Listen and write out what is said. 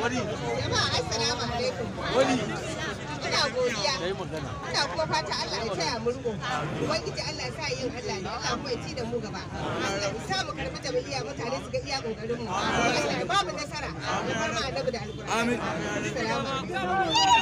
wani jama'a assalamu alaikum wani ina godiya ina kuma fata Allah ya taya mu riko ubangiji Allah ya sa yin Allah ne Allah kuma ya ci da mu gaba Allah ya sa mu karbi jami'a mutane su ga iya kokarin mu Allah ya nasara mu farma annabi da alƙur'ani amin assalamu alaikum